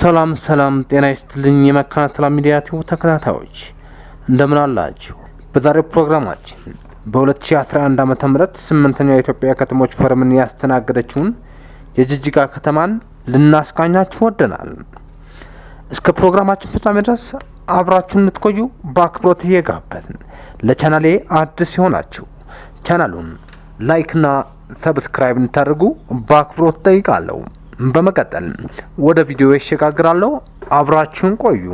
ሰላም ሰላም፣ ጤና ይስጥልኝ የመካነ ሰላም ሚዲያ ቲዩብ ተከታታዮች እንደምን አላችሁ? በዛሬው ፕሮግራማችን በ2011 ዓ ም ስምንተኛው የኢትዮጵያ ከተሞች ፎረምን ያስተናገደችውን የጅጅጋ ከተማን ልናስቃኛችሁ ወደናል። እስከ ፕሮግራማችን ፍጻሜ ድረስ አብራችሁን እንድትቆዩ በአክብሮት እየጋበዝን ለቻናሌ አዲስ የሆናችሁ ቻናሉን ላይክና ሰብስክራይብ እንድታደርጉ በአክብሮት ጠይቃለሁ። በመቀጠል ወደ ቪዲዮ ይሸጋግራለሁ። አብራችሁን ቆዩ።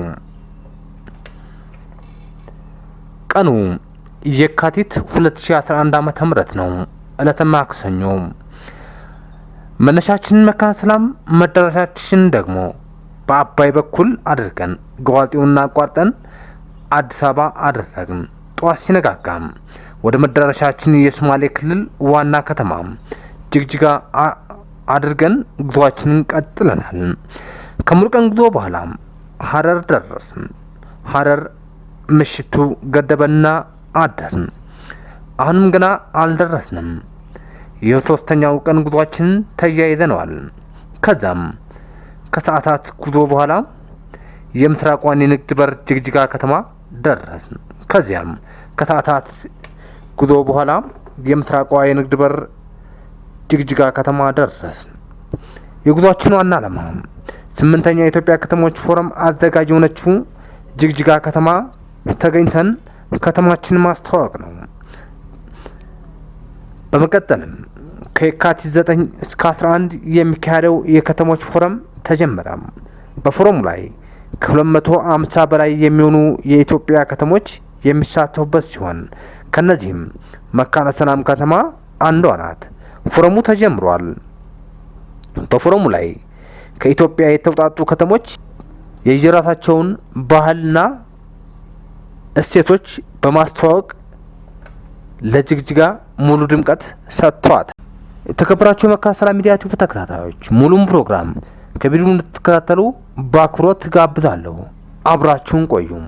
ቀኑ የካቲት 2011 ዓ.ም ተምረት ነው። እለተ ማክሰኞ። መነሻችንን መካነ ሰላም መዳረሻችንን ደግሞ በአባይ በኩል አድርገን ገዋልጤውና አቋርጠን አዲስ አበባ አደረግን። ጠዋት ሲነጋጋም። ወደ መዳረሻችን የሶማሌ ክልል ዋና ከተማ ጅግጅጋ አድርገን ጉዟችንን ቀጥለናል። ከሙሉቀን ጉዞ በኋላ ሀረር ደረስን። ሀረር ምሽቱ ገደበና አደርን። አሁንም ገና አልደረስንም። የሶስተኛው ቀን ጉዟችን ተያይዘነዋል። ከዛም ከሰዓታት ጉዞ በኋላ የምስራቋን የንግድ በር ጅግጅጋ ከተማ ደረስን። ከዚያም ከሰዓታት ጉዞ በኋላ የምስራቋ የንግድ በር ጅግጅጋ ከተማ ደረስን። የጉዟችን ዋና ዓላማ ስምንተኛው የኢትዮጵያ ከተሞች ፎረም አዘጋጅ የሆነችው ጅግጅጋ ከተማ ተገኝተን ከተማችን ማስተዋወቅ ነው። በመቀጠልም ከየካቲት 9 እስከ 11 የሚካሄደው የከተሞች ፎረም ተጀመረ። በፎረሙ ላይ ከ250 በላይ የሚሆኑ የኢትዮጵያ ከተሞች የሚሳተፉበት ሲሆን ከነዚህም መካነ ሰላም ከተማ አንዷ ናት። ፎረሙ ተጀምሯል። በፎረሙ ላይ ከኢትዮጵያ የተውጣጡ ከተሞች የየራሳቸውን ባህልና እሴቶች በማስተዋወቅ ለጅግጅጋ ሙሉ ድምቀት ሰጥተዋት። የተከበራቸው የመካሰራ ሚዲያ ቲዩብ ተከታታዮች ሙሉም ፕሮግራም ከቪዲዮ እንድትከታተሉ በአክብሮት ጋብዛለሁ። አብራችሁን ቆዩም።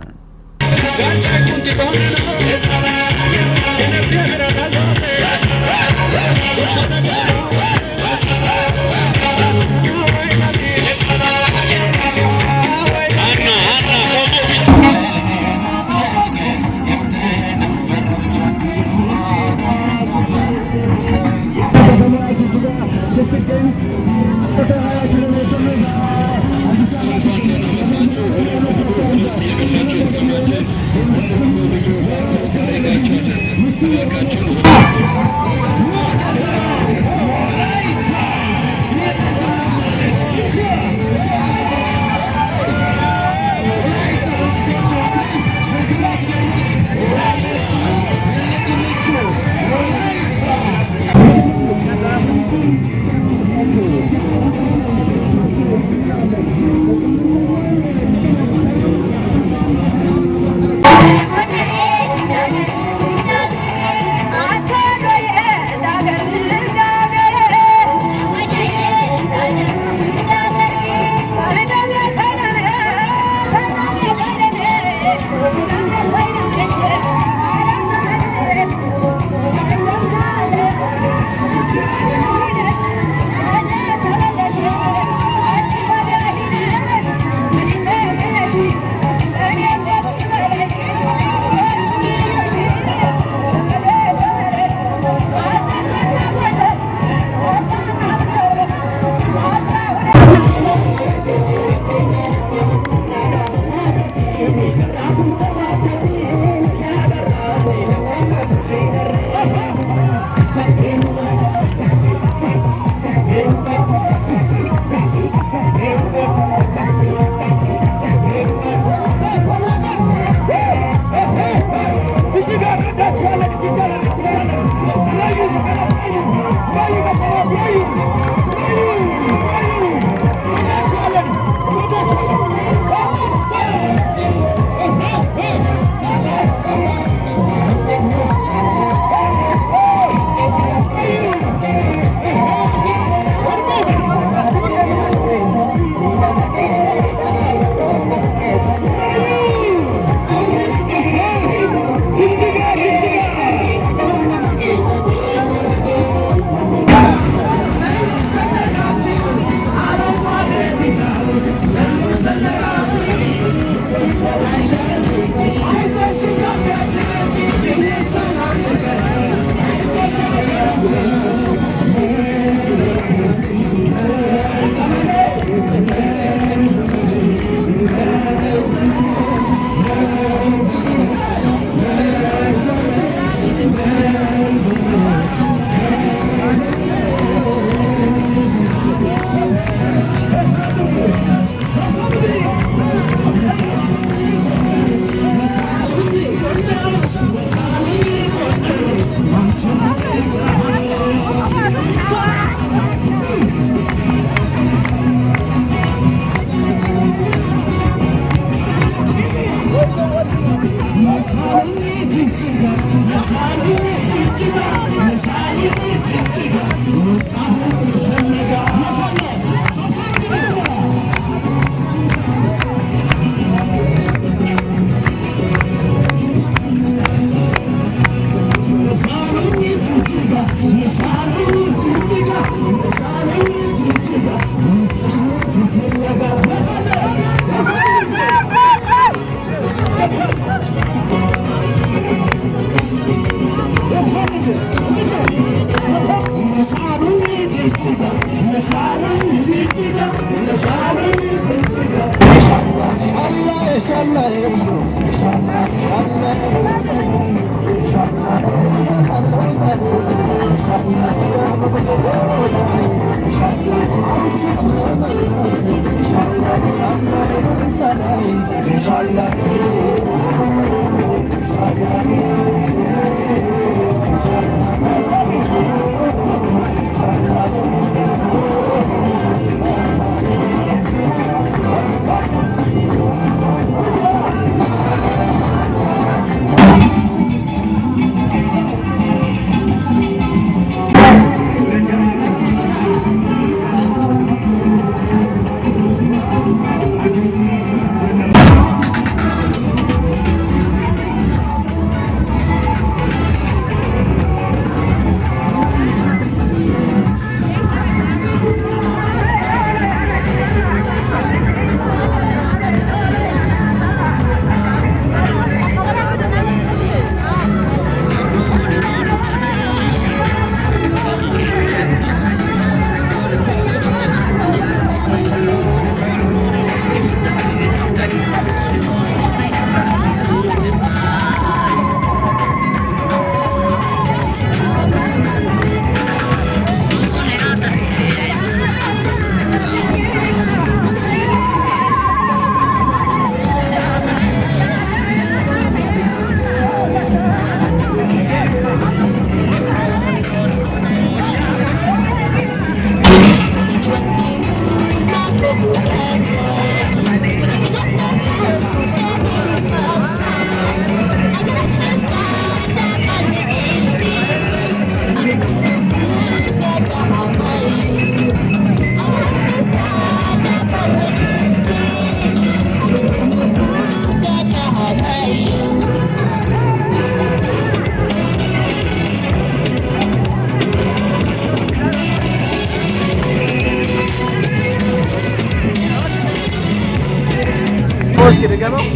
get together?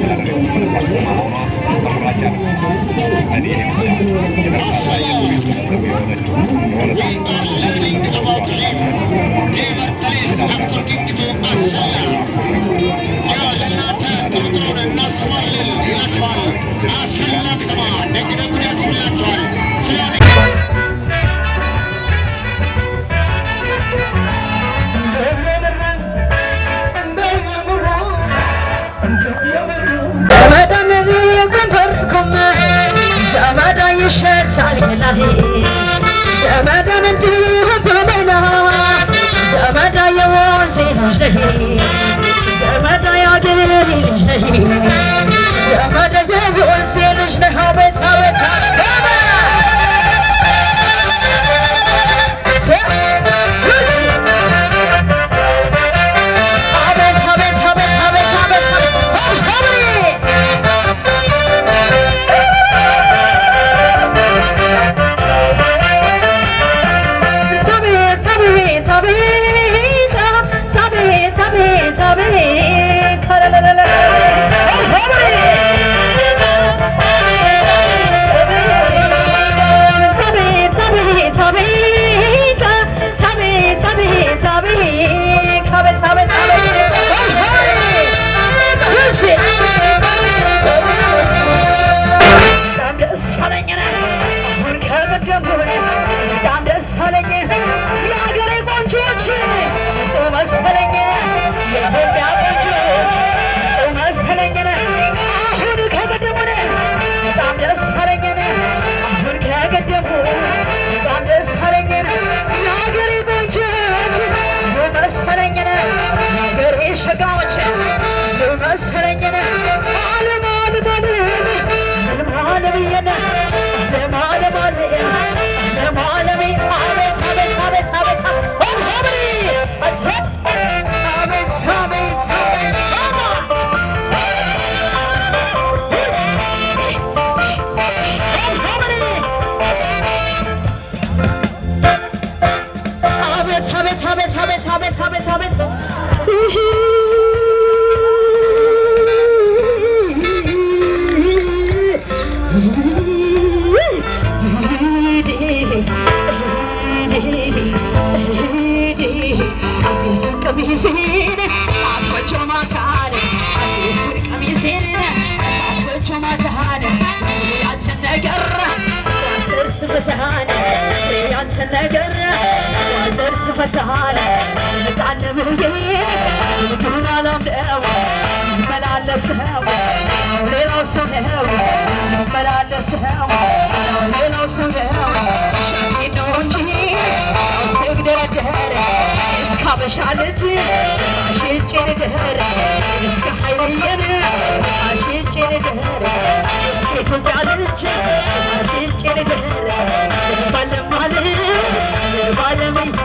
Gracias. يشهد عليه النبي يا مدى من ديهم بمنا يا مدى يوازي نجدهي يا مدى يا ديري نجدهي يا مدى يوازي نجدها بيتها بيتها I'm not Baby. ነው መላለስኸው ሌላው ሰው ነው መላለስኸው ሌላው ሰው ነው ነው እንጂ እስክደረደር እስከ አበሻ ልጅ አሽጬ ልድህር እስከ ኃይልየን አሽጬ ልድህር እስከ ኢትዮጵያ ልጅ አሽጬ ልድህር ባለማል ባለማ